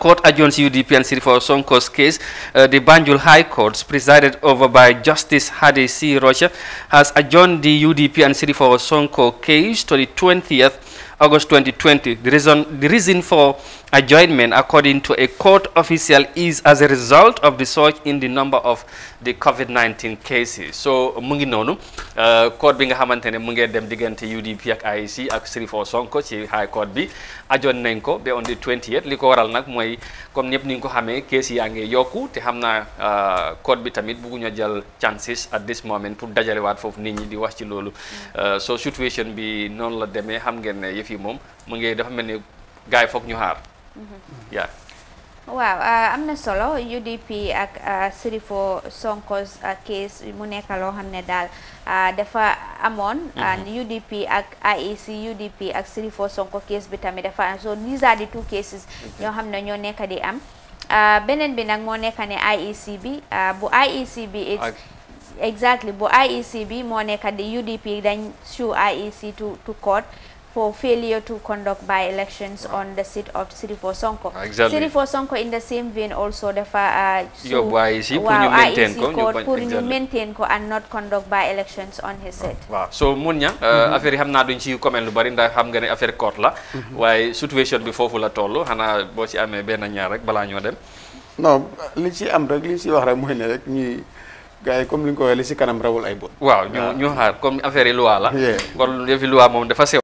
court adjourns UDP and City for Sonko's case. Uh, the Banjul High Court, presided over by Justice Hadi C. Rocha, has adjourned the UDP and City for Sonko case to the 20th August 2020. The reason, the reason for adjournment, according to a court official, is as a result of the surge in the number of the COVID-19 cases. So, Munginonu, Euh, code bi nga xamante ne mu ngee dem diggante UDP ak AIC e ak Sirifo Sonko ci high court bi ajoon nañ ko ba on the 28 li ko waral nag mooy comme ñëpp ni nga ko xamee kees yaa ngi yokku te xam naa euh, code bi tamit bugguñu jël chances at this moment pour dajalewaat foofu nit ñi di wax ci loolu euh, so situation bi noonu la demee xam ngeen ne yëf yi moom mu ngee dafa mel ni gars yi foog ñu xaar mm-hmm. yaa waaw ah, am na solo UDP ak ah, Sirifo Sonko's ah, case mu nekk loo xam ne daal dafa amoon mm-hmm. UDP ak IEC UDP ak Sirifo Sonko case bi tamit dafa am so these are the two cases ñoo xam ne ñoo nekk di am beneen bi nag moo nekk ne IEC bi bu IEC bi exactly bu IEC bi moo nekk di UDP dañ sue IEC to to for failure to conduct by-elections wow. Ah. on the seat of Sirifo Sonko. Exactly. Sirifo Sonko in the same vein also dafa uh, so, wow, IEC court pour ñu maintain ko and not conduct by-elections on his ah, seat. Wow. So mun ñang uh, mm -hmm. affaire xam naa duñ ci comment lu bari ndax xam nga ne affaire court la mm-hmm. waaye situation bi foofu la tollu xanaa boo ci amee benn ñaar rek balaa ñoo dem. Non li ci am rek li ci wax rek mooy ne rek ñuy gaay comme li ko waxee li ci kanam rawul ay bot. Waaw ñu ah. ñu xaar comme affaire loi la. Kon yëfi loi moom dafa